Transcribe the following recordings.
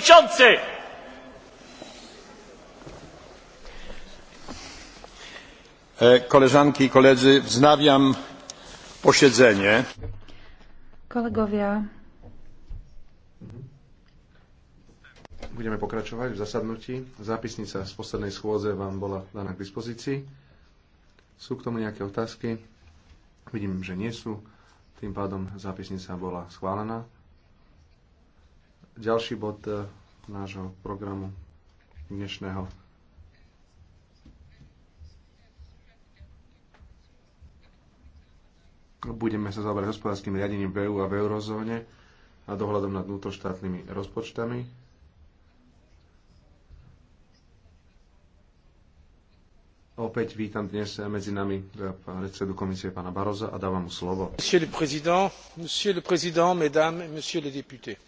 przewodniczący! E, koleżanki i koledzy, wznawiam posiedzenie. Kolegovia. Budeme pokračovať v zasadnutí. Zápisnica z poslednej schôdze vám bola daná k dispozícii. Sú k tomu nejaké otázky? Vidím, že nie sú. Tým pádom zápisnica bola schválená ďalší bod e, nášho programu dnešného. Budeme sa zaoberať hospodárskym riadením v EU a v eurozóne a dohľadom nad vnútroštátnymi rozpočtami. Opäť vítam dnes medzi nami e, predsedu komisie pána Baroza a dávam mu slovo. Monsieur le président, monsieur le président, mesdames monsieur les députés.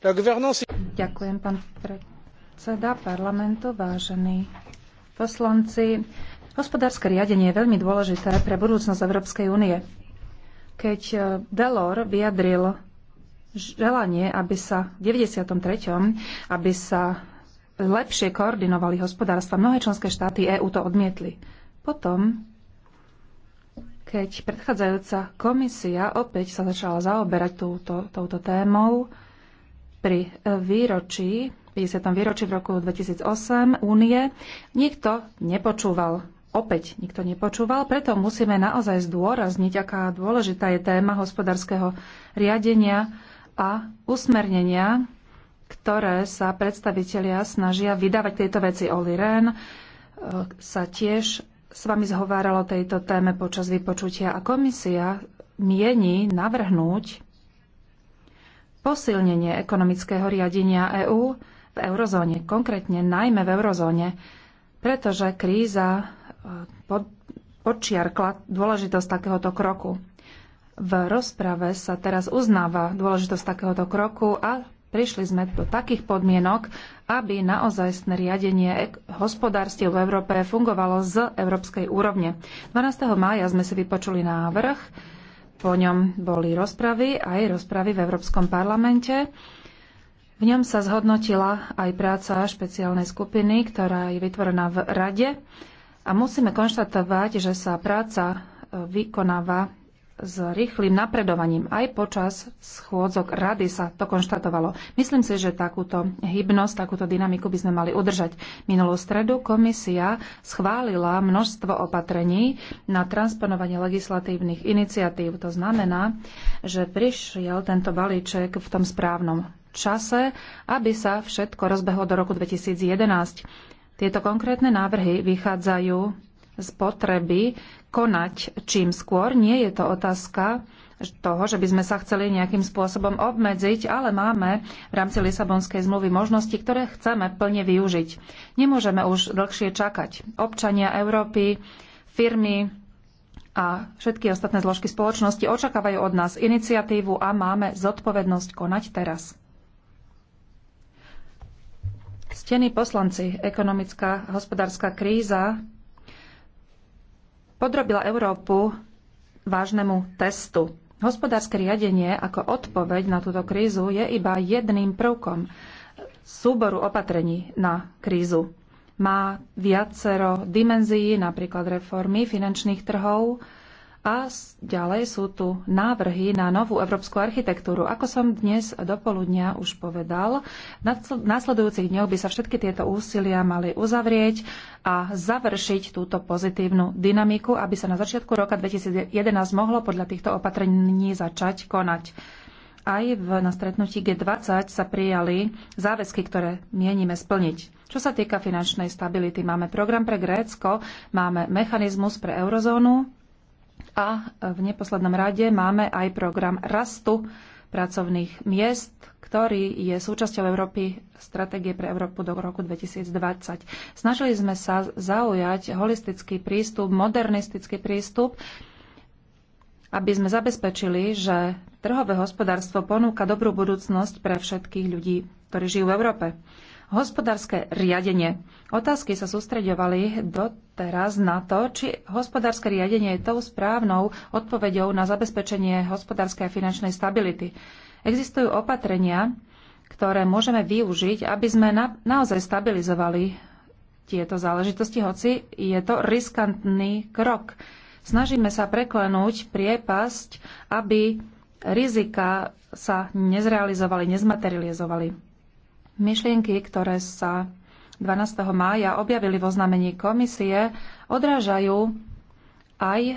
Ďakujem, pán predseda parlamentu, vážení poslanci. Hospodárske riadenie je veľmi dôležité pre budúcnosť Európskej únie. Keď e, Delors vyjadril želanie, aby sa v 93. aby sa lepšie koordinovali hospodárstva, mnohé členské štáty EÚ to odmietli. Potom, keď predchádzajúca komisia opäť sa začala zaoberať túto, touto témou, pri e, výročí, 50. výročí v roku 2008 únie nikto nepočúval. Opäť nikto nepočúval, preto musíme naozaj zdôrazniť, aká dôležitá je téma hospodárskeho riadenia a usmernenia, ktoré sa predstavitelia snažia vydávať tejto veci. Oli Rehn e, sa tiež s vami zhováralo tejto téme počas vypočutia a komisia mieni navrhnúť posilnenie ekonomického riadenia EÚ v eurozóne, konkrétne najmä v eurozóne, pretože kríza e, pod, podčiarkla dôležitosť takéhoto kroku. V rozprave sa teraz uznáva dôležitosť takéhoto kroku a prišli sme do takých podmienok, aby naozajstné riadenie hospodárstiev v Európe fungovalo z európskej úrovne. 12. mája sme si vypočuli návrh po ňom boli rozpravy, aj rozpravy v Európskom parlamente. V ňom sa zhodnotila aj práca špeciálnej skupiny, ktorá je vytvorená v Rade. A musíme konštatovať, že sa práca e, vykonáva s rýchlým napredovaním. Aj počas schôdzok rady sa to konštatovalo. Myslím si, že takúto hybnosť, takúto dynamiku by sme mali udržať. Minulú stredu komisia schválila množstvo opatrení na transponovanie legislatívnych iniciatív. To znamená, že prišiel tento balíček v tom správnom čase, aby sa všetko rozbehlo do roku 2011. Tieto konkrétne návrhy vychádzajú spotreby konať čím skôr. Nie je to otázka toho, že by sme sa chceli nejakým spôsobom obmedziť, ale máme v rámci Lisabonskej zmluvy možnosti, ktoré chceme plne využiť. Nemôžeme už dlhšie čakať. Občania Európy, firmy a všetky ostatné zložky spoločnosti očakávajú od nás iniciatívu a máme zodpovednosť konať teraz. Stení poslanci, ekonomická hospodárska kríza podrobila Európu vážnemu testu. Hospodárske riadenie ako odpoveď na túto krízu je iba jedným prvkom súboru opatrení na krízu. Má viacero dimenzií, napríklad reformy finančných trhov, a ďalej sú tu návrhy na novú európsku architektúru. Ako som dnes do už povedal, v následujúcich dňoch by sa všetky tieto úsilia mali uzavrieť a završiť túto pozitívnu dynamiku, aby sa na začiatku roka 2011 mohlo podľa týchto opatrení začať konať. Aj v, na stretnutí G20 sa prijali záväzky, ktoré mienime splniť. Čo sa týka finančnej stability, máme program pre Grécko, máme mechanizmus pre eurozónu, a v neposlednom rade máme aj program rastu pracovných miest, ktorý je súčasťou Európy, stratégie pre Európu do roku 2020. Snažili sme sa zaujať holistický prístup, modernistický prístup, aby sme zabezpečili, že trhové hospodárstvo ponúka dobrú budúcnosť pre všetkých ľudí, ktorí žijú v Európe. Hospodárske riadenie. Otázky sa sústreďovali doteraz na to, či hospodárske riadenie je tou správnou odpoveďou na zabezpečenie hospodárskej a finančnej stability. Existujú opatrenia, ktoré môžeme využiť, aby sme na, naozaj stabilizovali tieto záležitosti, hoci je to riskantný krok. Snažíme sa preklenúť priepasť, aby rizika sa nezrealizovali, nezmaterializovali. Myšlienky, ktoré sa 12. mája objavili vo znamení komisie, odrážajú aj e,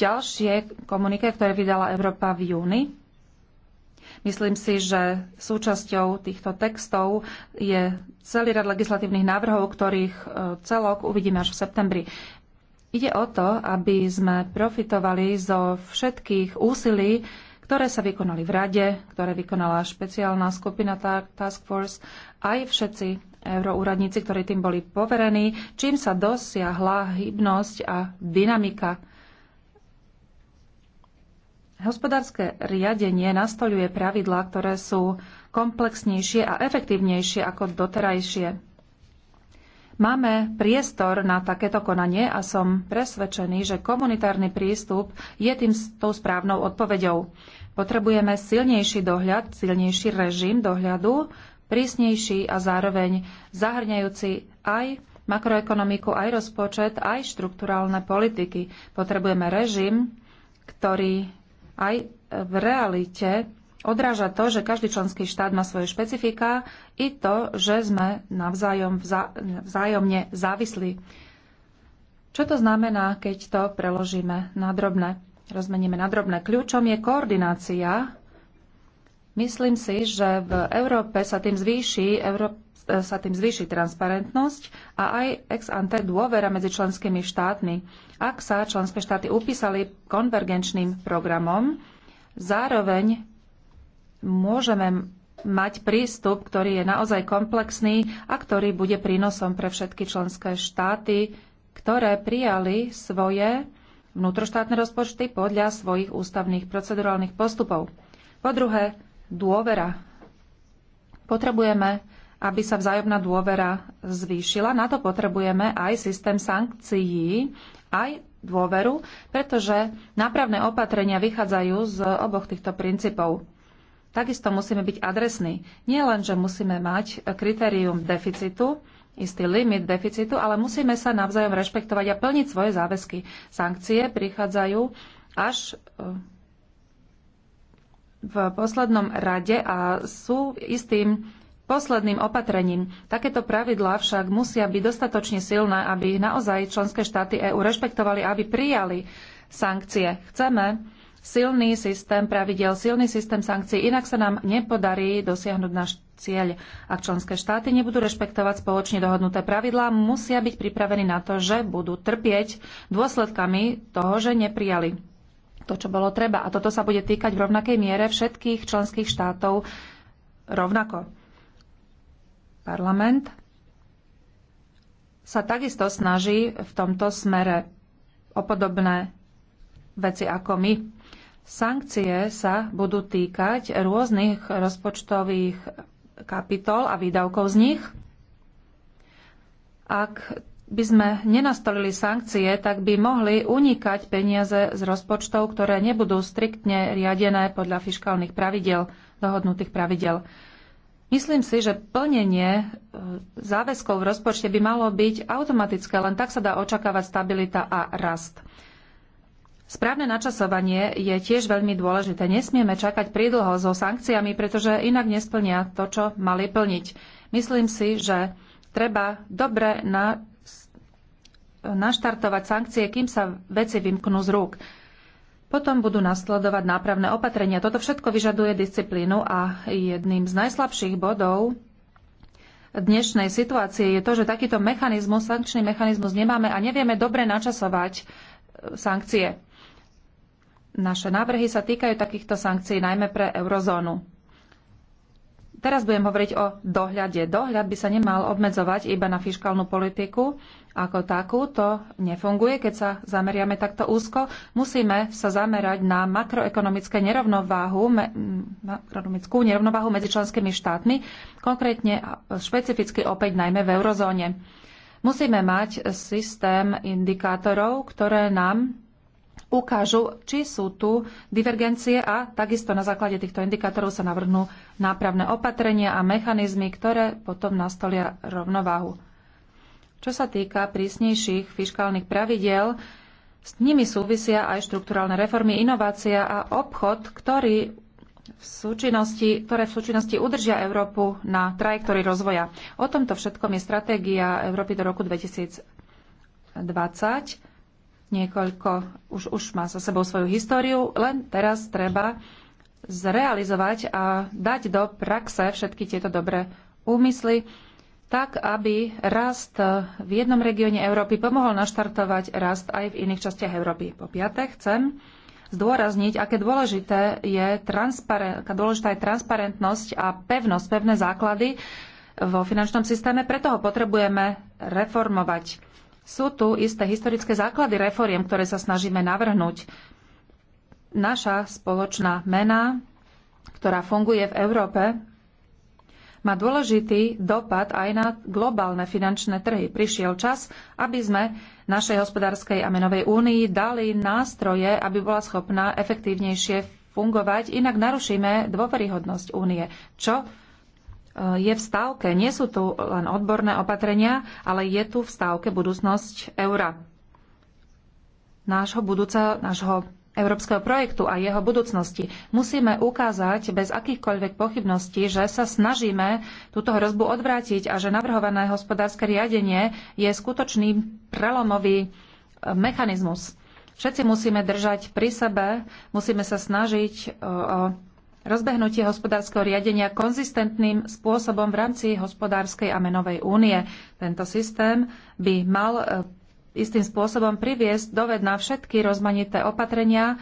ďalšie komuniké, ktoré vydala Európa v júni. Myslím si, že súčasťou týchto textov je celý rad legislatívnych návrhov, ktorých e, celok uvidíme až v septembri. Ide o to, aby sme profitovali zo všetkých úsilí, ktoré sa vykonali v Rade, ktoré vykonala špeciálna skupina Task Force, aj všetci euroúradníci, ktorí tým boli poverení, čím sa dosiahla hybnosť a dynamika. Hospodárske riadenie nastoluje pravidlá, ktoré sú komplexnejšie a efektívnejšie ako doterajšie. Máme priestor na takéto konanie a som presvedčený, že komunitárny prístup je tým tou správnou odpoveďou. Potrebujeme silnejší dohľad, silnejší režim dohľadu, prísnejší a zároveň zahrňajúci aj makroekonomiku, aj rozpočet, aj štrukturálne politiky. Potrebujeme režim, ktorý aj v realite odráža to, že každý členský štát má svoje špecifika i to, že sme navzájom vzá, vzájomne závislí. Čo to znamená, keď to preložíme na drobné? rozmeníme na drobné. Kľúčom je koordinácia. Myslím si, že v Európe sa tým zvýši, Euró- sa tým zvýši transparentnosť a aj ex ante dôvera medzi členskými štátmi. Ak sa členské štáty upísali konvergenčným programom, zároveň môžeme mať prístup, ktorý je naozaj komplexný a ktorý bude prínosom pre všetky členské štáty, ktoré prijali svoje vnútroštátne rozpočty podľa svojich ústavných procedurálnych postupov. Po druhé, dôvera. Potrebujeme, aby sa vzájomná dôvera zvýšila. Na to potrebujeme aj systém sankcií, aj dôveru, pretože nápravné opatrenia vychádzajú z oboch týchto princípov. Takisto musíme byť adresní. Nie len, že musíme mať kritérium deficitu, istý limit deficitu, ale musíme sa navzájom rešpektovať a plniť svoje záväzky. Sankcie prichádzajú až e, v poslednom rade a sú istým posledným opatrením. Takéto pravidlá však musia byť dostatočne silné, aby naozaj členské štáty EÚ rešpektovali, aby prijali sankcie. Chceme, silný systém pravidel, silný systém sankcií. Inak sa nám nepodarí dosiahnuť náš cieľ. Ak členské štáty nebudú rešpektovať spoločne dohodnuté pravidlá, musia byť pripravení na to, že budú trpieť dôsledkami toho, že neprijali to, čo bolo treba. A toto sa bude týkať v rovnakej miere všetkých členských štátov rovnako. Parlament sa takisto snaží v tomto smere o podobné veci ako my. Sankcie sa budú týkať rôznych rozpočtových kapitol a výdavkov z nich. Ak by sme nenastolili sankcie, tak by mohli unikať peniaze z rozpočtov, ktoré nebudú striktne riadené podľa fiskálnych pravidel, dohodnutých pravidel. Myslím si, že plnenie e, záväzkov v rozpočte by malo byť automatické, len tak sa dá očakávať stabilita a rast. Správne načasovanie je tiež veľmi dôležité. Nesmieme čakať prídlho so sankciami, pretože inak nesplnia to, čo mali plniť. Myslím si, že treba dobre na, naštartovať sankcie, kým sa veci vymknú z rúk. Potom budú nasledovať nápravné opatrenia. Toto všetko vyžaduje disciplínu a jedným z najslabších bodov dnešnej situácie je to, že takýto mechanizmus, sankčný mechanizmus nemáme a nevieme dobre načasovať e, sankcie. Naše návrhy sa týkajú takýchto sankcií najmä pre eurozónu. Teraz budem hovoriť o dohľade. Dohľad by sa nemal obmedzovať iba na fiskálnu politiku ako takú. To nefunguje, keď sa zameriame takto úzko. Musíme sa zamerať na makroekonomické nerovnováhu, makroekonomickú nerovnováhu medzi členskými štátmi, konkrétne a špecificky opäť najmä v eurozóne. Musíme mať systém indikátorov, ktoré nám ukážu, či sú tu divergencie a takisto na základe týchto indikátorov sa navrhnú nápravné opatrenia a mechanizmy, ktoré potom nastolia rovnováhu. Čo sa týka prísnejších fiskálnych pravidiel, s nimi súvisia aj štrukturálne reformy, inovácia a obchod, ktorý v súčinnosti, ktoré v súčinnosti udržia Európu na trajektórii rozvoja. O tomto všetkom je stratégia Európy do roku 2020 niekoľko, už, už má za sebou svoju históriu, len teraz treba zrealizovať a dať do praxe všetky tieto dobré úmysly, tak aby rast v jednom regióne Európy pomohol naštartovať rast aj v iných častiach Európy. Po piate chcem zdôrazniť, aké dôležité je aká dôležitá je transparentnosť a pevnosť, pevné základy vo finančnom systéme, preto ho potrebujeme reformovať. Sú tu isté historické základy reforiem, ktoré sa snažíme navrhnúť. Naša spoločná mena, ktorá funguje v Európe, má dôležitý dopad aj na globálne finančné trhy. Prišiel čas, aby sme našej hospodárskej a menovej únii dali nástroje, aby bola schopná efektívnejšie fungovať, inak narušíme dôveryhodnosť únie, čo Eh, je v stávke. Nie sú tu len odborné opatrenia, ale je tu v stávke budúcnosť eura. Nášho budúceho, nášho európskeho projektu a jeho budúcnosti. Musíme ukázať bez akýchkoľvek pochybností, že sa snažíme túto hrozbu odvrátiť a že navrhované hospodárske riadenie je skutočný prelomový eh, mechanizmus. Všetci musíme držať pri sebe, musíme sa snažiť eh, o rozbehnutie hospodárskeho riadenia konzistentným spôsobom v rámci hospodárskej a menovej únie. Tento systém by mal e, istým spôsobom priviesť dovedná všetky rozmanité opatrenia,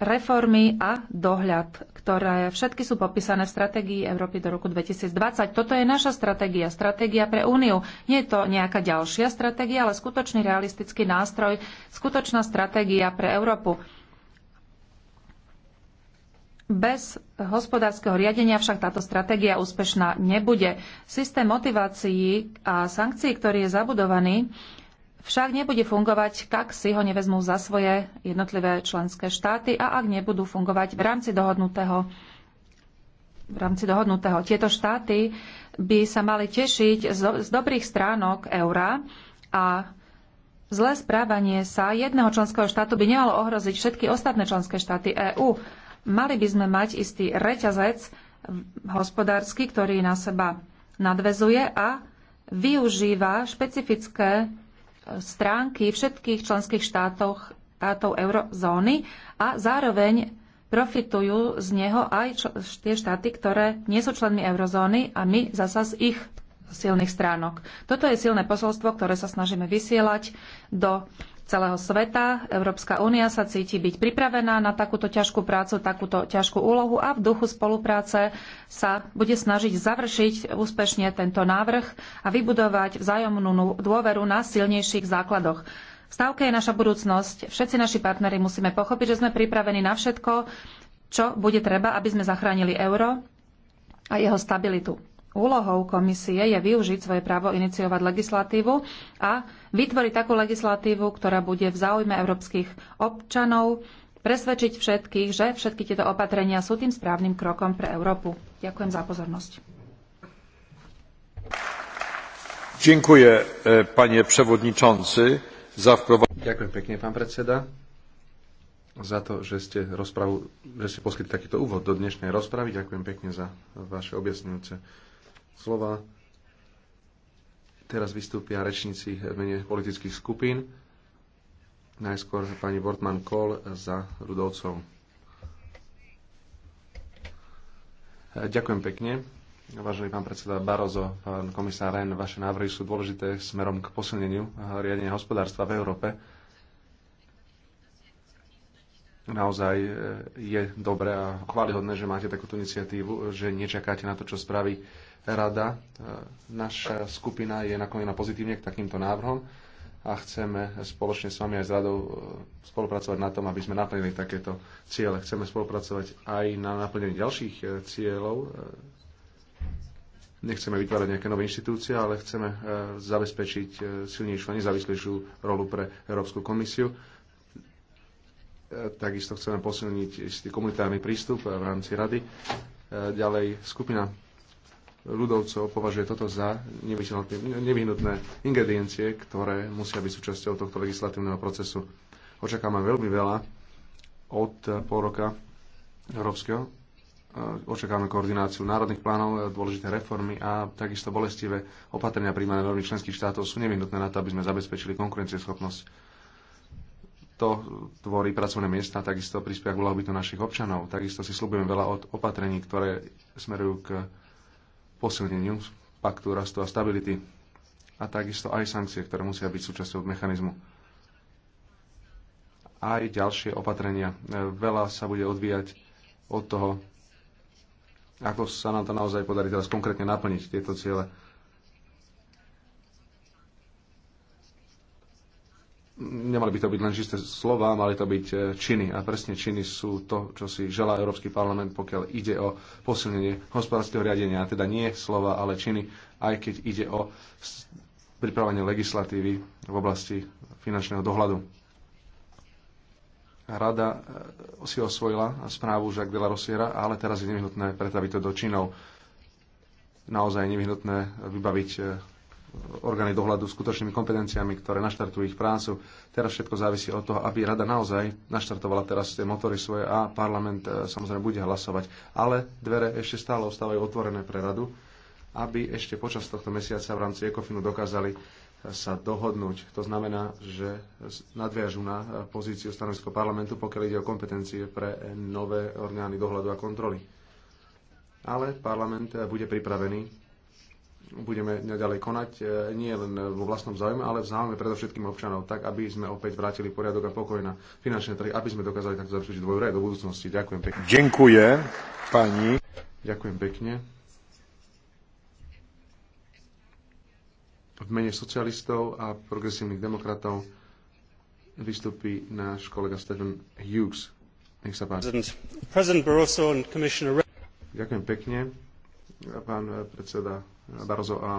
reformy a dohľad, ktoré všetky sú popísané v stratégii Európy do roku 2020. Toto je naša stratégia, stratégia pre Úniu. Nie je to nejaká ďalšia stratégia, ale skutočný realistický nástroj, skutočná stratégia pre Európu. Bez hospodárskeho riadenia však táto stratégia úspešná nebude. Systém motivácií a sankcií, ktorý je zabudovaný, však nebude fungovať, ak si ho nevezmú za svoje jednotlivé členské štáty a ak nebudú fungovať v rámci dohodnutého v rámci dohodnutého. Tieto štáty by sa mali tešiť z dobrých stránok eura a zlé správanie sa jedného členského štátu by nemalo ohroziť všetky ostatné členské štáty EÚ. Mali by sme mať istý reťazec hospodársky, ktorý na seba nadvezuje a využíva špecifické e, stránky všetkých členských štátov, štátov eurozóny a zároveň profitujú z neho aj tie štáty, ktoré nie sú členmi eurozóny a my zasa z ich silných stránok. Toto je silné posolstvo, ktoré sa snažíme vysielať do celého sveta. Európska únia sa cíti byť pripravená na takúto ťažkú prácu, takúto ťažkú úlohu a v duchu spolupráce sa bude snažiť završiť úspešne tento návrh a vybudovať vzájomnú dôveru na silnejších základoch. V je naša budúcnosť. Všetci naši partnery musíme pochopiť, že sme pripravení na všetko, čo bude treba, aby sme zachránili euro a jeho stabilitu. Úlohou komisie je využiť svoje právo iniciovať legislatívu a vytvoriť takú legislatívu, ktorá bude v záujme európskych občanov, presvedčiť všetkých, že všetky tieto opatrenia sú tým správnym krokom pre Európu. Ďakujem za pozornosť. Dziękuję, e, panie przewodniczący, za wprowadzenie. Ďakujem pekne, pán predseda, za to, že ste, rozpravu, že ste poskytli takýto úvod do dnešnej rozpravy. Ďakujem pekne za vaše objasňujúce slova. Teraz vystúpia rečníci v mene politických skupín. Najskôr pani Bortman Kohl za Rudovcov. Ďakujem pekne. Vážený pán predseda Barozo, pán komisár Ren, vaše návrhy sú dôležité smerom k posilneniu riadenia hospodárstva v Európe naozaj e, je dobré a chválihodné, že máte takúto iniciatívu, že nečakáte na to, čo spraví rada. E, naša skupina je naklonená pozitívne k takýmto návrhom a chceme spoločne s vami aj s radou e, spolupracovať na tom, aby sme naplnili takéto ciele. Chceme spolupracovať aj na naplnení ďalších e, cieľov. Nechceme vytvárať nejaké nové inštitúcie, ale chceme zabezpečiť silnejšiu a nezávislejšiu rolu pre Európsku komisiu. Takisto chceme posilniť istý komunitárny prístup v rámci rady. Ďalej skupina ľudovcov považuje toto za nevyhnutné ingrediencie, ktoré musia byť súčasťou tohto legislatívneho procesu. Očakávame veľmi veľa od pol roka európskeho. Očakávame koordináciu národných plánov, dôležité reformy a takisto bolestivé opatrenia príjmané veľmi členských štátov sú nevyhnutné na to, aby sme zabezpečili konkurencieschopnosť. To tvorí pracovné miesta, takisto prispia k blahobytu našich občanov. Takisto si slúbujeme veľa od opatrení, ktoré smerujú k posilneniu paktu rastu a stability a takisto aj sankcie, ktoré musia byť súčasťou mechanizmu. Aj ďalšie opatrenia. E, veľa sa bude odvíjať od toho, ako sa nám to naozaj podarí teraz konkrétne naplniť tieto ciele. nemali by to byť len čisté slova, mali to byť e, činy. A presne činy sú to, čo si želá Európsky parlament, pokiaľ ide o posilnenie hospodárskeho riadenia. teda nie slova, ale činy, aj keď ide o pripravenie legislatívy v oblasti finančného dohľadu. Rada e, si osvojila správu Jacques de la Rosiera, ale teraz je nevyhnutné pretaviť to do činov. Naozaj je nevyhnutné vybaviť e, orgány dohľadu skutočnými kompetenciami, ktoré naštartujú ich prácu. Teraz všetko závisí od toho, aby rada naozaj naštartovala teraz tie motory svoje a parlament e, samozrejme bude hlasovať. Ale dvere ešte stále ostávajú otvorené pre radu, aby ešte počas tohto mesiaca v rámci ECOFINu dokázali e, sa dohodnúť. To znamená, že nadviažu na e, pozíciu stanovisko parlamentu, pokiaľ ide o kompetencie pre nové orgány dohľadu a kontroly. Ale parlament bude pripravený budeme ďalej konať e, nie len vo vlastnom záujme, ale v záujme predovšetkým občanov, tak aby sme opäť vrátili poriadok a pokoj na finančné trhy, aby sme dokázali takto zabezpečiť dôveru do budúcnosti. Ďakujem pekne. Ďakujem, pani. Ďakujem pekne. V mene socialistov a progresívnych demokratov vystupí náš kolega Stephen Hughes. Nech sa páči. President Barroso and Commissioner... Ďakujem pekne, pán predseda Barozo a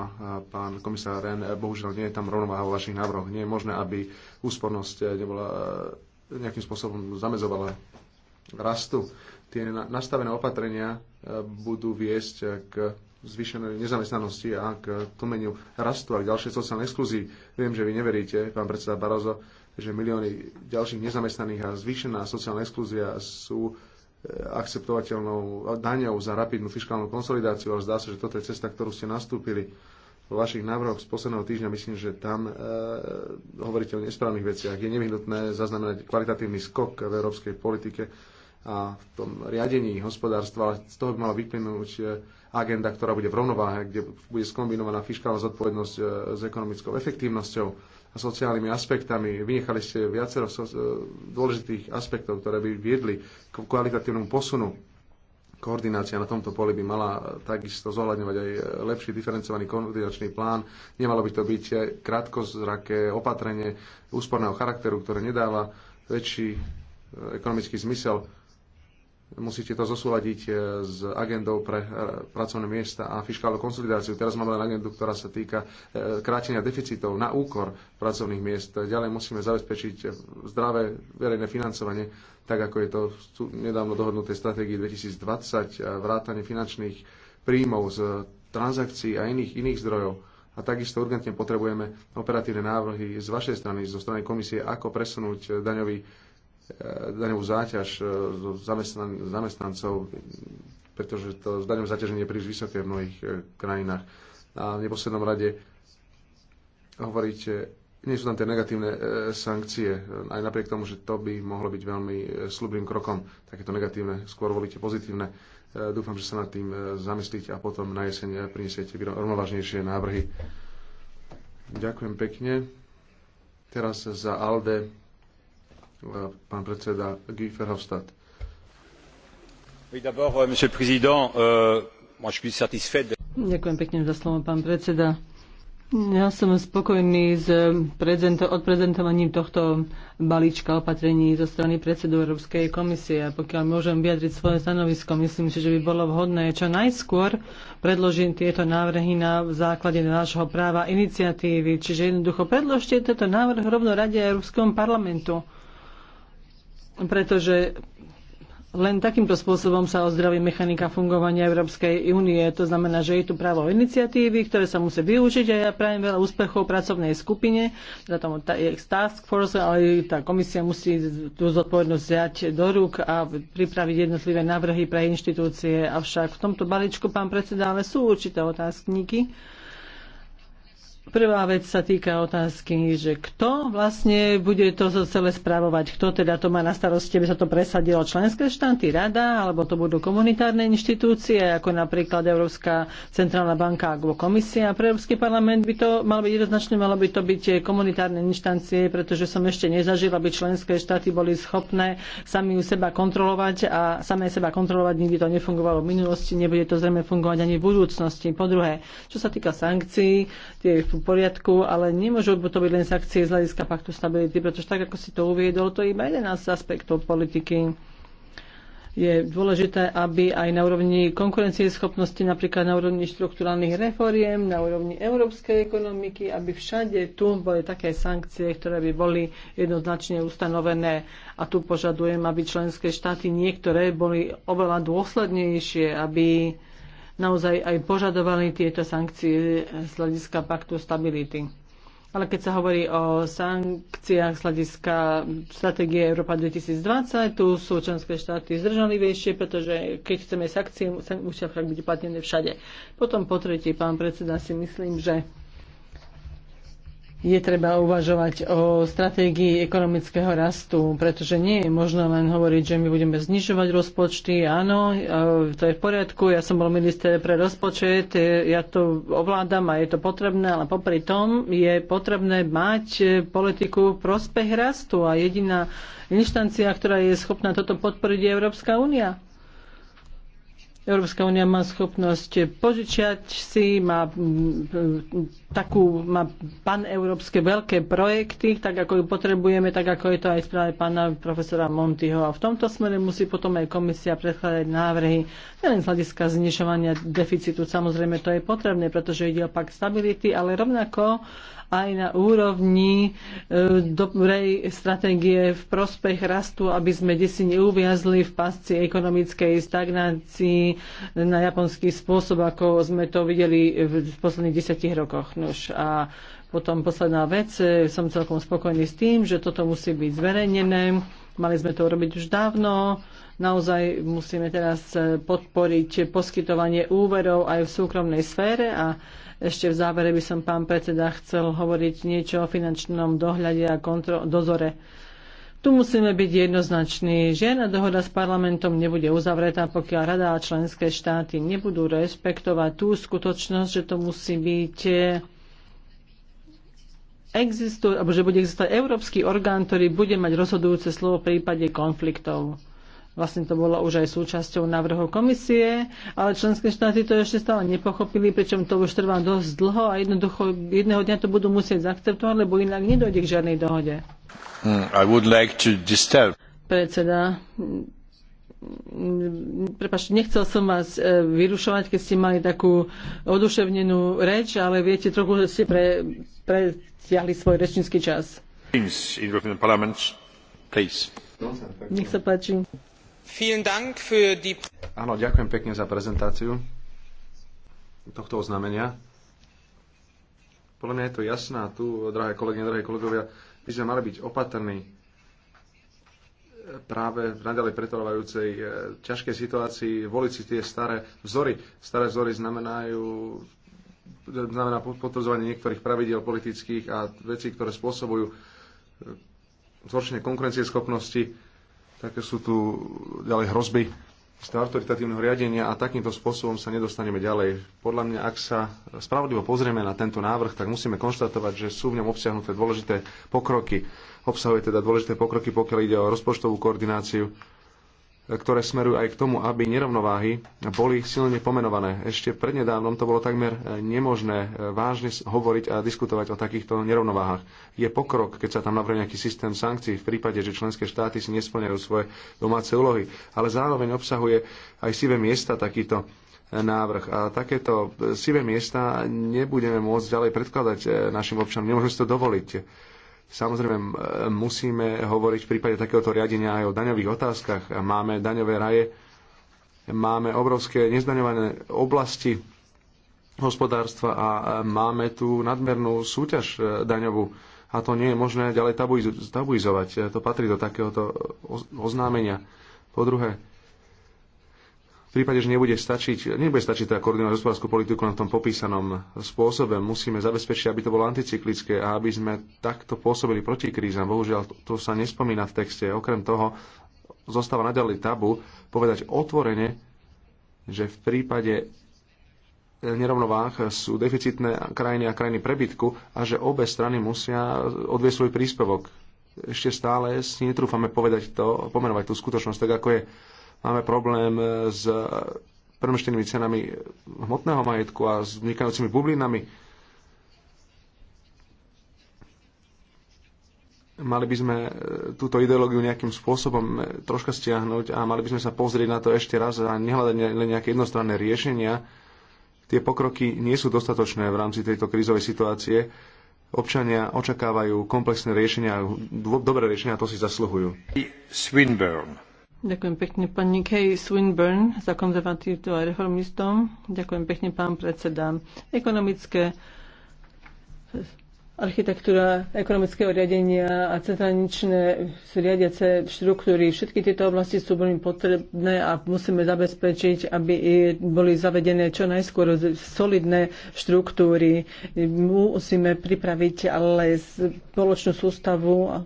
pán komisár Ren, e, bohužiaľ nie je tam rovnováha vo vašich návrhoch. Nie je možné, aby úspornosť e, nebola e, nejakým spôsobom zamezovala rastu. Tie nastavené opatrenia budú viesť k zvýšenej nezamestnanosti a k tlmeniu rastu a k ďalšej sociálnej exkluzii. Viem, že vy neveríte, pán predseda Barozo, že milióny ďalších nezamestnaných a zvýšená sociálna exklúzia sú Eh, akceptovateľnou daňou za rapidnú fiskálnu konsolidáciu, ale zdá sa, že toto je cesta, ktorú ste nastúpili vo vašich návrhoch z posledného týždňa. Myslím, že tam e, hovoríte o nesprávnych veciach. Je nevyhnutné zaznamenať kvalitatívny skok v európskej politike a v tom riadení hospodárstva, ale z toho by mala vyplynúť eh, agenda, ktorá bude v rovnováhe, kde bude skombinovaná fiskálna zodpovednosť s ekonomickou efektívnosťou a sociálnymi aspektami. Vynechali ste viacero so, e, dôležitých aspektov, ktoré by viedli k kvalitatívnemu posunu. Koordinácia na tomto poli by mala takisto zohľadňovať aj lepší diferencovaný koordinačný plán. Nemalo by to byť krátkozraké opatrenie úsporného charakteru, ktoré nedáva väčší e, ekonomický zmysel musíte to zosúľadiť e, s agendou pre e, pracovné miesta a fiskálnu konsolidáciu. Teraz máme len agendu, ktorá sa týka e, krátenia deficitov na úkor pracovných miest. Ďalej musíme zabezpečiť zdravé verejné financovanie, tak ako je to v nedávno dohodnuté stratégii 2020, vrátanie finančných príjmov z transakcií a iných, iných zdrojov. A takisto urgentne potrebujeme operatívne návrhy z vašej strany, zo strany komisie, ako presunúť daňový Eh, daňovú záťaž eh, zamestnan- zamestnancov, pretože to daňové zaťaženie je príliš vysoké v mnohých eh, krajinách. A v neposlednom rade hovoríte, nie sú tam tie negatívne sankcie, aj napriek tomu, že to by mohlo byť veľmi slubným krokom, takéto negatívne, skôr volíte pozitívne. Dúfam, že sa nad tým zamyslíte a potom na jeseň prinesiete rovnovážnejšie návrhy. Ďakujem pekne. Teraz za ALDE pán predseda Guy Verhofstadt. Euh, euh, Ďakujem pekne za slovo, pán predseda. Ja som spokojný s eh, prezento- odprezentovaním tohto balíčka opatrení zo strany predsedu Európskej komisie. A pokiaľ môžem vyjadriť svoje stanovisko, myslím si, že by bolo vhodné čo najskôr predložiť tieto návrhy na základe nášho práva iniciatívy. Čiže jednoducho predložte tento návrh rovno Rade Európskom parlamentu pretože len takýmto spôsobom sa ozdraví mechanika fungovania Európskej únie. To znamená, že je tu právo iniciatívy, ktoré sa musí využiť a ja prajem veľa úspechov pracovnej skupine, za tomu je task force, ale tá komisia musí tú zodpovednosť vziať do rúk a pripraviť jednotlivé návrhy pre inštitúcie. Avšak v tomto balíčku, pán predseda, ale sú určité otázníky Prvá vec sa týka otázky, že kto vlastne bude to celé správovať, kto teda to má na starosti, aby sa to presadilo členské štáty, rada, alebo to budú komunitárne inštitúcie, ako napríklad Európska centrálna banka alebo komisia. Pre Európsky parlament by to mal byť jednoznačne, malo by to byť komunitárne inštancie, pretože som ešte nezažil, aby členské štáty boli schopné sami u seba kontrolovať a samé seba kontrolovať nikdy to nefungovalo v minulosti, nebude to zrejme fungovať ani v budúcnosti. Po druhé, čo sa týka sankcií, tie sú v poriadku, ale nemôžu to byť len sankcie z hľadiska paktu stability, pretože tak, ako si to uviedol, to je iba jeden z aspektov politiky je dôležité, aby aj na úrovni konkurencieschopnosti, napríklad na úrovni štruktúrálnych reforiem, na úrovni európskej ekonomiky, aby všade tu boli také sankcie, ktoré by boli jednoznačne ustanovené. A tu požadujem, aby členské štáty niektoré boli oveľa dôslednejšie, aby naozaj aj požadovali tieto sankcie z hľadiska paktu stability. Ale keď sa hovorí o sankciách z hľadiska stratégie Európa 2020, tu sú členské štáty zdržanlivejšie, pretože keď chceme sankcie, musia však byť uplatnené všade. Potom po tretie, pán predseda, si myslím, že je treba uvažovať o stratégii ekonomického rastu, pretože nie je možno len hovoriť, že my budeme znižovať rozpočty. Áno, to je v poriadku, ja som bol minister pre rozpočet, ja to ovládam a je to potrebné, ale popri tom je potrebné mať politiku v prospech rastu a jediná inštancia, ktorá je schopná toto podporiť, je Európska únia. Európska únia má schopnosť požičiať si, má, mm, takú, má paneurópske veľké projekty, tak ako ju potrebujeme, tak ako je to aj správe pána profesora Montyho. A v tomto smere musí potom aj komisia predkladať návrhy, nielen z hľadiska znižovania deficitu, samozrejme to je potrebné, pretože ide o pak stability, ale rovnako aj na úrovni e, dobrej stratégie v prospech rastu, aby sme desi neuviazli v pasci ekonomickej stagnácii na japonský spôsob, ako sme to videli v posledných desiatich rokoch. Nož a potom posledná vec, e, som celkom spokojný s tým, že toto musí byť zverejnené. Mali sme to urobiť už dávno. Naozaj musíme teraz e, podporiť poskytovanie úverov aj v súkromnej sfére a ešte v závere by som, pán predseda, chcel hovoriť niečo o finančnom dohľade a kontro- dozore. Tu musíme byť jednoznační. Žiadna dohoda s parlamentom nebude uzavretá, pokiaľ Rada a členské štáty nebudú rešpektovať tú skutočnosť, že to musí byť e, existuje, alebo že bude existovať európsky orgán, ktorý bude mať rozhodujúce slovo v prípade konfliktov. Vlastne to bolo už aj súčasťou návrhu komisie, ale členské štáty to ešte stále nepochopili, pričom to už trvá dosť dlho a jednoducho jedného dňa to budú musieť zaakceptovať, lebo inak nedojde k žiadnej dohode. Hmm, I would like to disturb. Predseda, Prepač, nechcel som vás e, vyrušovať, keď ste mali takú oduševnenú reč, ale viete, trochu ste pre, pretiahli svoj rečnícky čas. Nech sa páči. Áno, ďakujem pekne za prezentáciu tohto oznámenia. Podľa mňa je to jasné. Tu, drahé kolegyne, drahé kolegovia, by sme mali byť opatrní práve v nadalej pretrvajúcej e, ťažkej situácii voliť si tie staré vzory. Staré vzory znamenajú znamená potvrdzovanie niektorých pravidiel politických a vecí, ktoré spôsobujú e, zhoršenie konkurencieschopnosti také sú tu ďalej hrozby z toho autoritatívneho riadenia a takýmto spôsobom sa nedostaneme ďalej. Podľa mňa, ak sa spravodlivo pozrieme na tento návrh, tak musíme konštatovať, že sú v ňom obsiahnuté dôležité pokroky. Obsahuje teda dôležité pokroky, pokiaľ ide o rozpočtovú koordináciu, ktoré smerujú aj k tomu, aby nerovnováhy boli silne pomenované. Ešte prednedávnom to bolo takmer nemožné vážne hovoriť a diskutovať o takýchto nerovnováhach. Je pokrok, keď sa tam navrhne nejaký systém sankcií v prípade, že členské štáty si nesplňajú svoje domáce úlohy, ale zároveň obsahuje aj sivé miesta takýto návrh. A takéto sivé miesta nebudeme môcť ďalej predkladať našim občanom. Nemôžeme si to dovoliť Samozrejme, musíme hovoriť v prípade takéhoto riadenia aj o daňových otázkach. Máme daňové raje, máme obrovské nezdaňované oblasti hospodárstva a máme tu nadmernú súťaž e, daňovú a to nie je možné ďalej tabuizovať. E, to patrí do takéhoto oznámenia. Po druhé, v prípade, že nebude stačiť, nebude stačiť tá teda koordinovať hospodárskú politiku na tom popísanom spôsobe, musíme zabezpečiť, aby to bolo anticyklické a aby sme takto pôsobili proti krízam. Bohužiaľ, to, to sa nespomína v texte. Okrem toho, zostáva naďalej tabu povedať otvorene, že v prípade nerovnovách sú deficitné krajiny a krajiny prebytku a že obe strany musia odvieť svoj príspevok. Ešte stále si netrúfame povedať to, pomenovať tú skutočnosť tak, ako je Máme problém e, s e, premrštenými cenami hmotného majetku a s vznikajúcimi bublinami. Mali by sme e, túto ideológiu nejakým spôsobom troška stiahnuť a mali by sme sa pozrieť na to ešte raz a nehľadať len nejaké jednostranné riešenia. Tie pokroky nie sú dostatočné v rámci tejto krízovej situácie. Občania očakávajú komplexné riešenia, dobré riešenia a to si zasluhujú. Swinburne. Ďakujem pekne pani Kay Swinburne za konzervatívtu a reformistom. Ďakujem pekne pán predseda. Ekonomické architektúra ekonomického riadenia a centraničné riadiace štruktúry. Všetky tieto oblasti sú veľmi potrebné a musíme zabezpečiť, aby boli zavedené čo najskôr solidné štruktúry. Musíme pripraviť ale spoločnú sústavu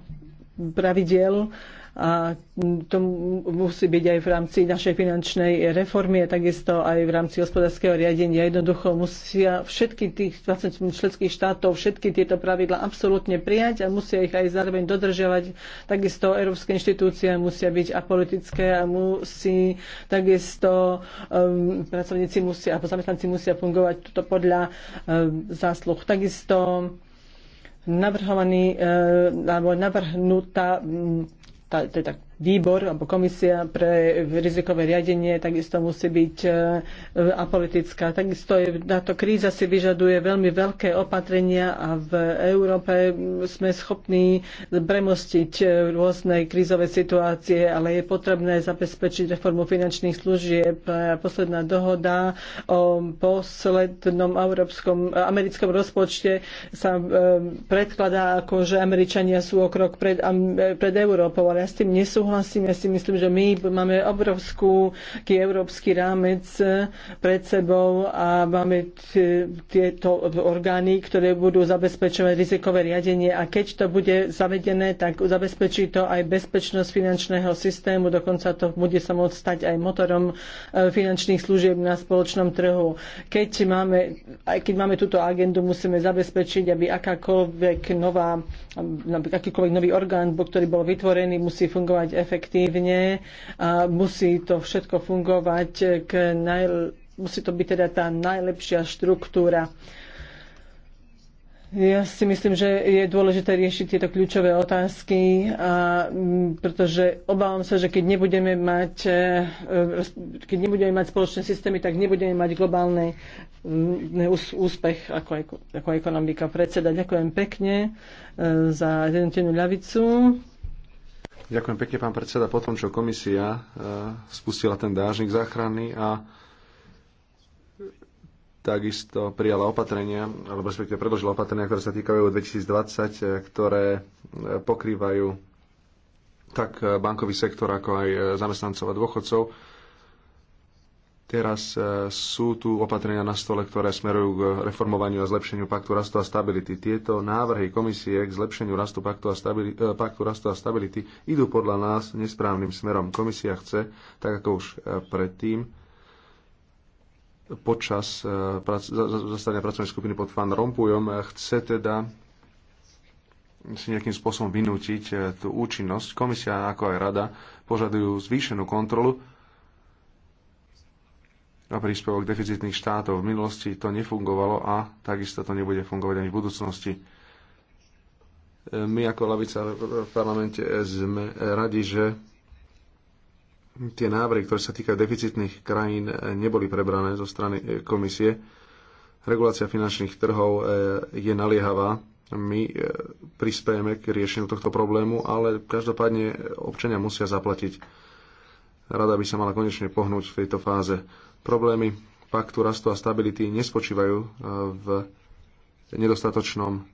pravidel, a to musí byť aj v rámci našej finančnej reformy a takisto aj v rámci hospodárskeho riadenia. Jednoducho musia všetky tých 20 členských štátov všetky tieto pravidla absolútne prijať a musia ich aj zároveň dodržiavať. Takisto európske inštitúcie musia byť apolitické a musí takisto um, pracovníci musia, alebo zamestnanci musia fungovať toto podľa um, zásluh. Takisto navrhovaný, uh, alebo navrhnutá um, teda výbor alebo komisia pre rizikové riadenie takisto musí byť e, apolitická. Takisto je, táto kríza si vyžaduje veľmi veľké opatrenia a v Európe sme schopní premostiť e, rôzne krízové situácie, ale je potrebné zabezpečiť reformu finančných služieb. Posledná dohoda o poslednom európskom, americkom rozpočte sa e, predkladá ako, že Američania sú o krok pred, pred Európou, ale ja s tým nesúhlasím súhlasím. Ja si myslím, že my máme obrovskú európsky rámec eh, pred sebou a máme tieto orgány, ktoré budú zabezpečovať rizikové riadenie a keď to bude zavedené, tak zabezpečí to aj bezpečnosť finančného systému, dokonca to bude sa môcť stať aj motorom eh, finančných služieb na spoločnom trhu. Keď máme, aj keď máme túto agendu, musíme zabezpečiť, aby akákoľvek nová, akýkoľvek nový orgán, ktorý bol vytvorený, musí fungovať efektívne a musí to všetko fungovať k naj, musí to byť teda tá najlepšia štruktúra. Ja si myslím, že je dôležité riešiť tieto kľúčové otázky, a, pretože obávam sa, že keď nebudeme mať, e, keď nebudeme mať spoločné systémy, tak nebudeme mať globálny úspech ako, ako ekonomika. Predseda, ďakujem pekne e, za jednotenú ľavicu. Ďakujem pekne, pán predseda. Po tom, čo komisia e, spustila ten dážnik záchrany a takisto prijala opatrenia, alebo respektíve predložila opatrenia, ktoré sa týkajú 2020, e, ktoré e, pokrývajú tak bankový sektor, ako aj zamestnancov a dôchodcov Teraz e, sú tu opatrenia na stole, ktoré smerujú k reformovaniu a zlepšeniu paktu rastu a stability. Tieto návrhy komisie k zlepšeniu rastu paktu, a stabili- e, paktu rastu a stability idú podľa nás nesprávnym smerom. Komisia chce, tak ako už e, predtým, počas zastania pracovnej skupiny pod Fan Rompujom, chce teda si nejakým spôsobom vynútiť tú účinnosť. Komisia, ako aj rada, požadujú zvýšenú kontrolu na príspevok deficitných štátov. V minulosti to nefungovalo a takisto to nebude fungovať ani v budúcnosti. E, my ako lavica v parlamente sme radi, že tie návrhy, ktoré sa týkajú deficitných krajín, e, neboli prebrané zo strany e, komisie. Regulácia finančných trhov je naliehavá. My prispejeme k riešeniu tohto problému, ale každopádne občania musia zaplatiť Rada by sa mala konečne pohnúť v tejto fáze. Problémy paktu rastu a stability nespočívajú e, v nedostatočnom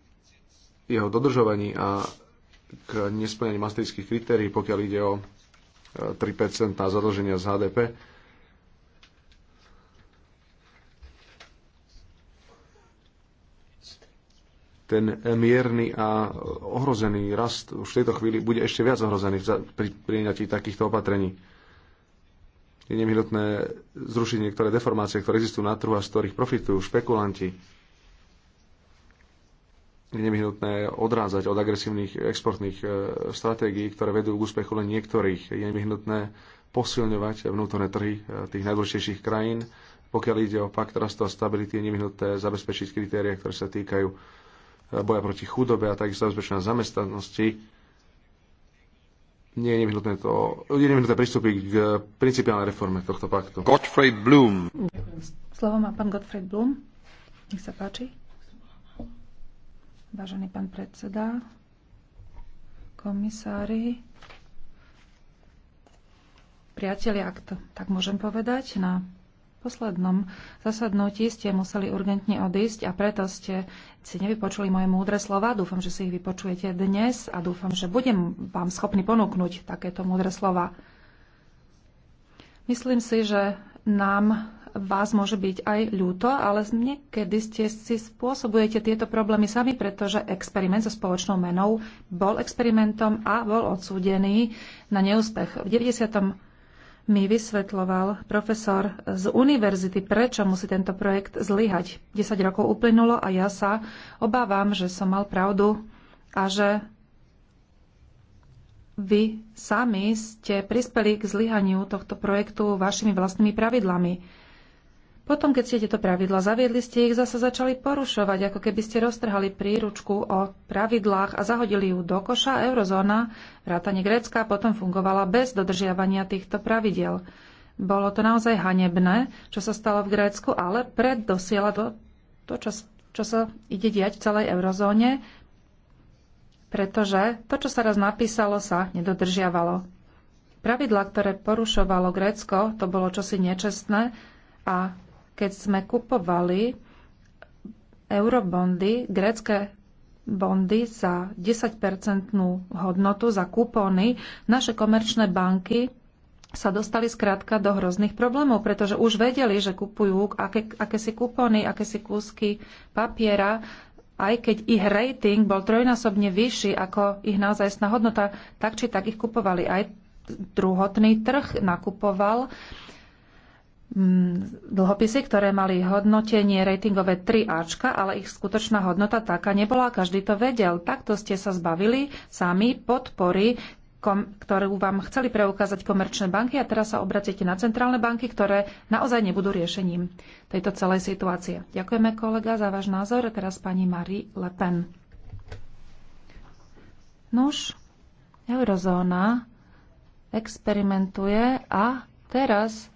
jeho dodržovaní a k nesplnení masterických kritérií, pokiaľ ide o 3% e, zadlženia z HDP. Ten mierny a ohrozený rast už v tejto chvíli bude ešte viac ohrozený pri prijatí takýchto opatrení je nevyhnutné zrušiť niektoré deformácie, ktoré existujú na trhu a z ktorých profitujú špekulanti. Je nevyhnutné odrádzať od agresívnych exportných e, stratégií, ktoré vedú k úspechu len niektorých. Je nevyhnutné posilňovať vnútorné trhy e, tých najdôležitejších krajín. Pokiaľ ide o pakt rastu a stability, je nevyhnutné zabezpečiť kritéria, ktoré sa týkajú e, boja proti chudobe a takisto zabezpečenia zamestnanosti nie je nevyhnutné, to, je nevyhnutné pristúpiť k principiálnej reforme tohto paktu. Gottfried Blum. Slovo má pán Gottfried Blum. Nech sa páči. Vážený pán predseda, komisári, priatelia, ak to tak môžem povedať, na poslednom zasadnutí ste museli urgentne odísť a preto ste si nevypočuli moje múdre slova. Dúfam, že si ich vypočujete dnes a dúfam, že budem vám schopný ponúknuť takéto múdre slova. Myslím si, že nám vás môže byť aj ľúto, ale niekedy ste si spôsobujete tieto problémy sami, pretože experiment so spoločnou menou bol experimentom a bol odsúdený na neúspech. V 90 mi vysvetloval profesor z univerzity, prečo musí tento projekt zlyhať. 10 rokov uplynulo a ja sa obávam, že som mal pravdu a že vy sami ste prispeli k zlyhaniu tohto projektu vašimi vlastnými pravidlami. Potom, keď ste tieto pravidla zaviedli, ste ich zase začali porušovať, ako keby ste roztrhali príručku o pravidlách a zahodili ju do koša. Eurozóna, vrátane Grécka, potom fungovala bez dodržiavania týchto pravidel. Bolo to naozaj hanebné, čo sa stalo v Grécku, ale predosiela to, to čo, čo sa ide diať v celej eurozóne, pretože to, čo sa raz napísalo, sa nedodržiavalo. Pravidla, ktoré porušovalo Grécko, to bolo čosi nečestné a keď sme kupovali eurobondy, grecké bondy za 10-percentnú hodnotu, za kupóny, naše komerčné banky sa dostali skrátka do hrozných problémov, pretože už vedeli, že kupujú aké, kupony, kupóny, si kúsky papiera, aj keď ich rating bol trojnásobne vyšší ako ich naozajstná hodnota, tak či tak ich kupovali. Aj druhotný trh nakupoval Mm, dlhopisy, ktoré mali hodnotenie ratingové 3Ačka, ale ich skutočná hodnota taká nebola, každý to vedel. Takto ste sa zbavili sami podpory, kom, ktorú vám chceli preukázať komerčné banky a teraz sa obracete na centrálne banky, ktoré naozaj nebudú riešením tejto celej situácie. Ďakujeme kolega za váš názor. A teraz pani Marie Le Pen. Nuž, eurozóna experimentuje a teraz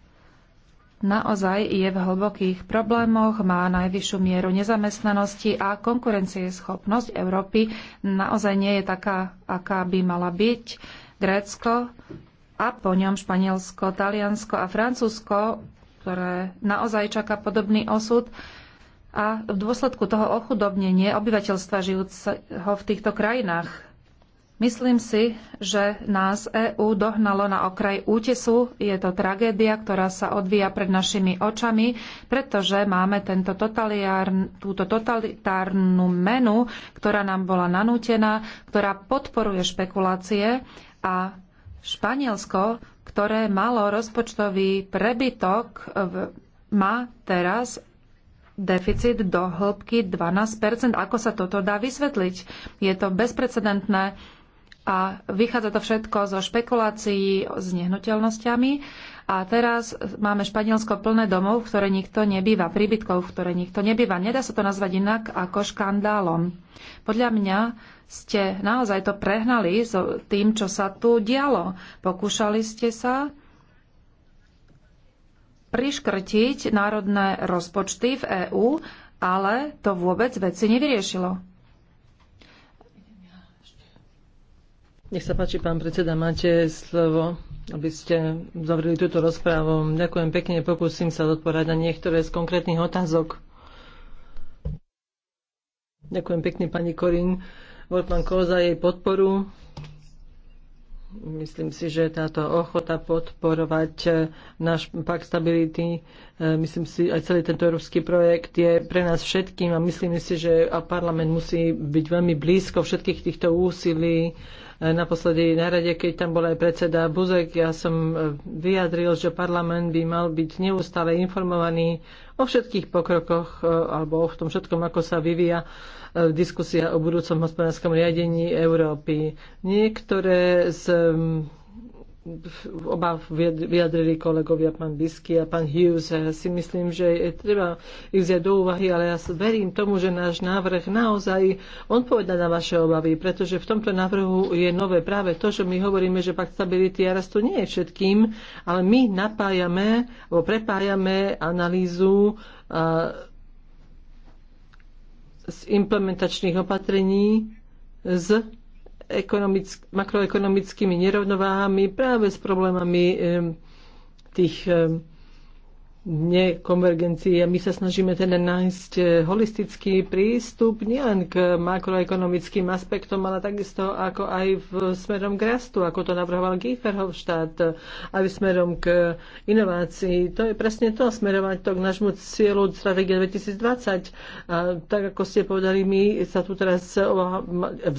naozaj je v hlbokých problémoch, má najvyššiu mieru nezamestnanosti a konkurencieschopnosť Európy naozaj nie je taká, aká by mala byť. Grécko a po ňom Španielsko, Taliansko a Francúzsko, ktoré naozaj čaká podobný osud. A v dôsledku toho ochudobnenie obyvateľstva žijúceho v týchto krajinách Myslím si, že nás EÚ dohnalo na okraj útesu. Je to tragédia, ktorá sa odvíja pred našimi očami, pretože máme tento túto totalitárnu menu, ktorá nám bola nanútená, ktorá podporuje špekulácie a Španielsko, ktoré malo rozpočtový prebytok, má teraz deficit do hĺbky 12 Ako sa toto dá vysvetliť? Je to bezprecedentné a vychádza to všetko zo špekulácií s nehnuteľnosťami. A teraz máme Španielsko plné domov, v ktoré nikto nebýva, príbytkov, v ktoré nikto nebýva. Nedá sa to nazvať inak ako škandálom. Podľa mňa ste naozaj to prehnali s so tým, čo sa tu dialo. Pokúšali ste sa priškrtiť národné rozpočty v EÚ, ale to vôbec veci nevyriešilo. Nech sa páči, pán predseda, máte slovo, aby ste zavreli túto rozprávu. Ďakujem pekne, pokúsim sa odporať na niektoré z konkrétnych otázok. Ďakujem pekne pani Korin Voltmanko za jej podporu. Myslím si, že táto ochota podporovať náš pak stability E, myslím si, aj celý tento európsky projekt je pre nás všetkým a myslím si, že parlament musí byť veľmi blízko všetkých týchto úsilí. E, naposledy na rade, keď tam bol aj predseda Buzek, ja som e, vyjadril, že parlament by mal byť neustále informovaný o všetkých pokrokoch alebo o tom všetkom, ako sa vyvíja diskusia o budúcom hospodárskom riadení Európy. Niektoré z obav vyjadrili kolegovia pán Bisky a pán Hughes. Ja si myslím, že je treba ich vziať do úvahy, ale ja verím tomu, že náš návrh naozaj odpoveda na vaše obavy, pretože v tomto návrhu je nové práve to, že my hovoríme, že pak stability a rastu nie je všetkým, ale my napájame, alebo prepájame analýzu z implementačných opatrení z ekonomick- makroekonomickými nerovnováhami práve s problémami tých nekonvergencii a my sa snažíme teda nájsť e, holistický prístup nielen k makroekonomickým aspektom, ale takisto ako aj v smerom k rastu, ako to navrhoval Gieferhofštát, aj v smerom k inovácii. To je presne to, smerovať to k nášmu cieľu stratégie 2020. A tak ako ste povedali, my sa tu teraz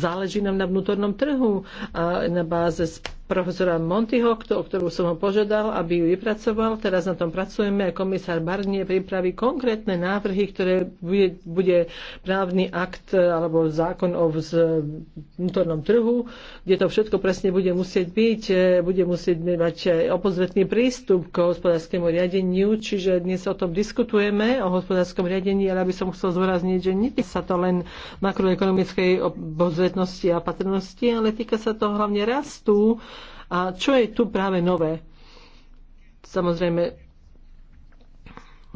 záleží nám na vnútornom trhu a na báze profesora Montyho, o ktorú som ho požiadal, aby ju vypracoval. Teraz na tom pracujeme a komisár Barnier pripraví konkrétne návrhy, ktoré bude, bude právny akt e, alebo zákon o vnútornom trhu, kde to všetko presne bude musieť byť, e, bude musieť mať opozretný prístup k hospodárskému riadeniu, čiže dnes o tom diskutujeme, o hospodárskom riadení, ale aby som chcel zúrazniť, že netýka sa to len makroekonomickej obozretnosti a patrnosti, ale týka sa to hlavne rastu, a čo je tu práve nové? Samozrejme,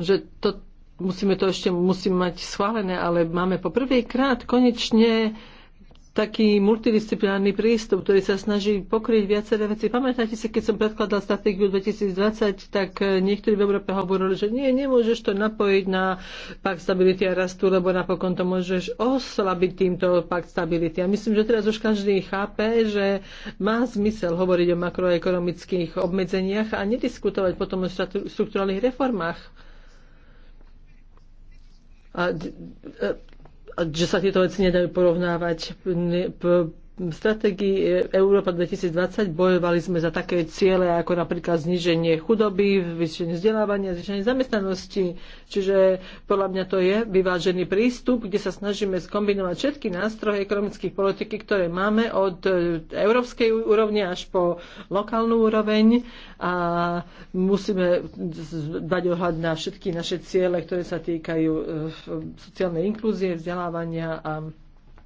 že to musíme to ešte musím mať schválené, ale máme po prvýkrát konečne taký multidisciplinárny prístup, ktorý sa snaží pokryť viaceré veci. Pamätáte si, keď som predkladal stratégiu 2020, tak eh, niektorí v Európe hovorili, že nie, nemôžeš to napojiť na pak stability a rastu, lebo napokon to môžeš oslabiť týmto pak stability. A myslím, že teraz už každý chápe, že má zmysel hovoriť o makroekonomických obmedzeniach a nediskutovať potom o štruktúrálnych reformách. A, a, že sa tieto veci nedajú porovnávať stratégii Európa 2020 bojovali sme za také ciele ako napríklad zníženie chudoby, zvýšenie vzdelávania, zvýšenie zamestnanosti. Čiže podľa mňa to je vyvážený prístup, kde sa snažíme skombinovať všetky nástroje ekonomických politiky, ktoré máme od e, európskej úrovne až po lokálnu úroveň a musíme dať ohľad na všetky naše ciele, ktoré sa týkajú e, sociálnej inklúzie, vzdelávania a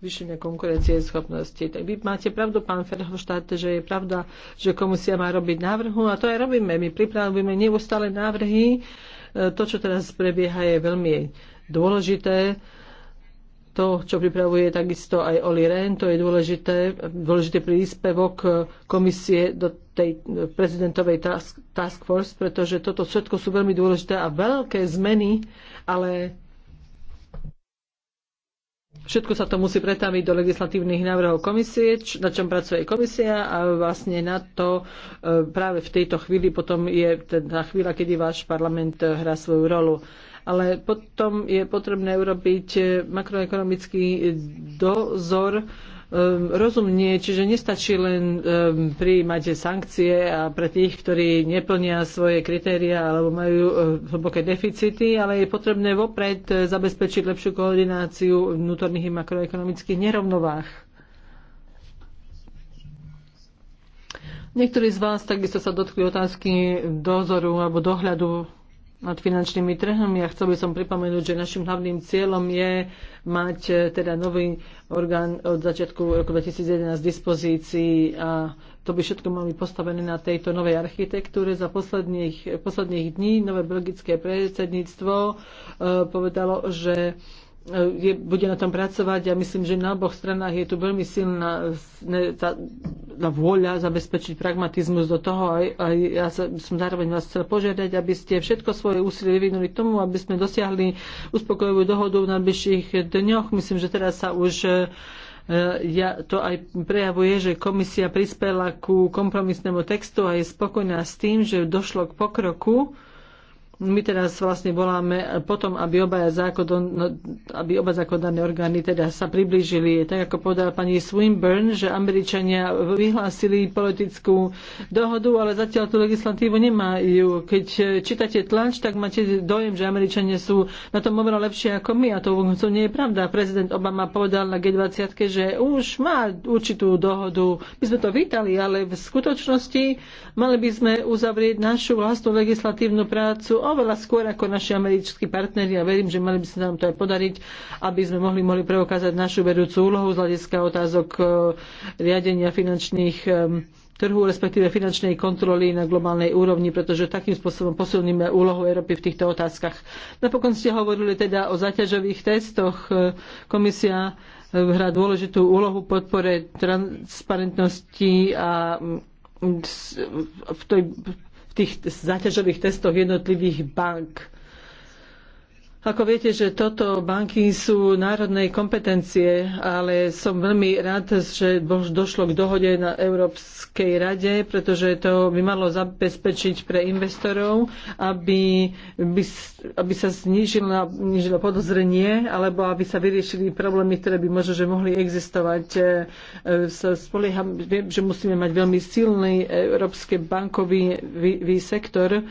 zvýšenia konkurencie schopnosti. Tak vy máte pravdu, pán Ferhoštát, že je pravda, že komisia má robiť návrhu a to aj robíme. My pripravujeme neustále návrhy. E, to, čo teraz prebieha, je veľmi dôležité. To, čo pripravuje takisto aj Oli Rehn, to je dôležité, dôležité príspevok komisie do tej e, prezidentovej task, task force, pretože toto všetko sú veľmi dôležité a veľké zmeny, ale Všetko sa to musí pretaviť do legislatívnych návrhov komisie, na čom pracuje komisia a vlastne na to e, práve v tejto chvíli potom je tá teda chvíľa, kedy váš parlament e, hrá svoju rolu. Ale potom je potrebné urobiť e, makroekonomický dozor, Ehm, rozumne, čiže nestačí len ehm, prijímať sankcie a pre tých, ktorí neplnia svoje kritéria alebo majú eh, hlboké deficity, ale je potrebné vopred eh, zabezpečiť lepšiu koordináciu vnútorných i makroekonomických nerovnovách. Niektorí z vás takisto sa dotkli otázky dozoru alebo dohľadu nad finančnými trhami a chcel by som pripomenúť, že našim hlavným cieľom je mať e, teda nový orgán od začiatku roku 2011 v dispozícii a to by všetko mali postavené na tejto novej architektúre. Za posledných, posledných dní nové belgické predsedníctvo e, povedalo, že je, bude na tom pracovať a ja myslím, že na oboch stranách je tu veľmi silná ne, tá, tá vôľa zabezpečiť pragmatizmus do toho. A, a ja sa, som zároveň vás chcel požiadať, aby ste všetko svoje úsilie vyvinuli k tomu, aby sme dosiahli uspokojivú dohodu v najbližších dňoch. Myslím, že teraz sa už e, ja, to aj prejavuje, že komisia prispela ku kompromisnému textu a je spokojná s tým, že došlo k pokroku my teraz vlastne voláme potom, aby obaja, zákon, no, aby oba zákonodárne orgány teda sa priblížili. Tak ako povedala pani Swinburne, že Američania vyhlásili politickú dohodu, ale zatiaľ tú legislatívu nemajú. Keď čítate tlač, tak máte dojem, že Američania sú na tom oveľa lepšie ako my a to, to nie je pravda. Prezident Obama povedal na G20, že už má určitú dohodu. My sme to vítali, ale v skutočnosti mali by sme uzavrieť našu vlastnú legislatívnu prácu oveľa skôr ako naši americkí partneri a verím, že mali by sa nám to aj podariť, aby sme mohli, mohli preukázať našu vedúcu úlohu z hľadiska otázok e, riadenia finančných e, trhu, respektíve finančnej kontroly na globálnej úrovni, pretože takým spôsobom posilníme úlohu Európy v týchto otázkach. Napokon ste hovorili teda o zaťažových testoch. E, komisia hrá dôležitú úlohu podpore transparentnosti a v tej tých zaťažových testoch jednotlivých bank. Ako viete, že toto banky sú národnej kompetencie, ale som veľmi rád, že došlo k dohode na Európskej rade, pretože to by malo zabezpečiť pre investorov, aby, by, aby sa znížilo, znížilo podozrenie alebo aby sa vyriešili problémy, ktoré by možno, že mohli existovať. E, e, spolieham, viem, že musíme mať veľmi silný európsky bankový sektor,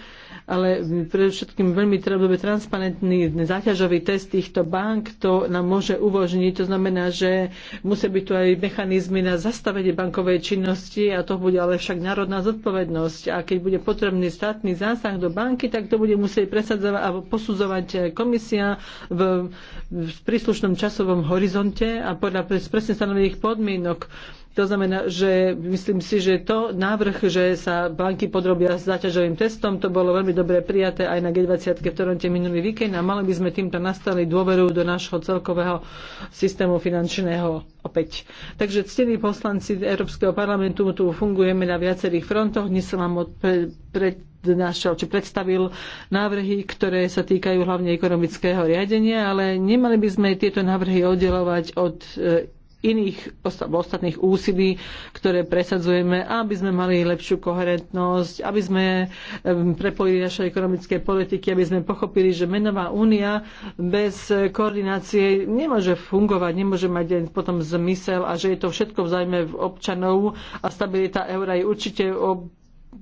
ale predovšetkým veľmi dobre transparentný záťažový test týchto bank to nám môže uvožniť. To znamená, že musia byť tu aj mechanizmy na zastavenie bankovej činnosti a to bude ale však národná zodpovednosť. A keď bude potrebný štátny zásah do banky, tak to bude musieť presadzovať a posudzovať komisia v, v príslušnom časovom horizonte a podľa presne stanovených podmienok to znamená, že myslím si, že to návrh, že sa banky podrobia s zaťažovým testom, to bolo veľmi dobre prijaté aj na G20 v Toronte minulý víkend a mali by sme týmto nastali dôveru do nášho celkového systému finančného opäť. Takže ctení poslanci Európskeho parlamentu, tu fungujeme na viacerých frontoch. Dnes som vám prednášal, či predstavil návrhy, ktoré sa týkajú hlavne ekonomického riadenia, ale nemali by sme tieto návrhy oddelovať od e, iných ostatných úsilí, ktoré presadzujeme, aby sme mali lepšiu koherentnosť, aby sme prepojili naše ekonomické politiky, aby sme pochopili, že menová únia bez koordinácie nemôže fungovať, nemôže mať potom zmysel a že je to všetko v občanov a stabilita eura je určite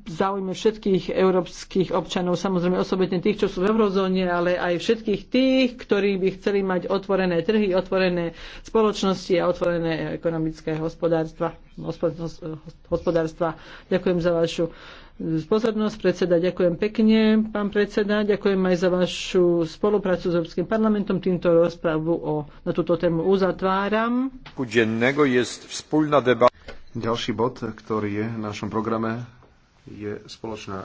záujme všetkých európskych občanov, samozrejme osobitne tých, čo sú v eurozóne, ale aj všetkých tých, ktorí by chceli mať otvorené trhy, otvorené spoločnosti a otvorené ekonomické hospodárstva. hospodárstva. Ďakujem za vašu pozornosť. Predseda, ďakujem pekne, pán predseda. Ďakujem aj za vašu spoluprácu s Európskym parlamentom. Týmto rozpravu o, na túto tému uzatváram. Ďalší bod, ktorý je v našom programe je spoločná.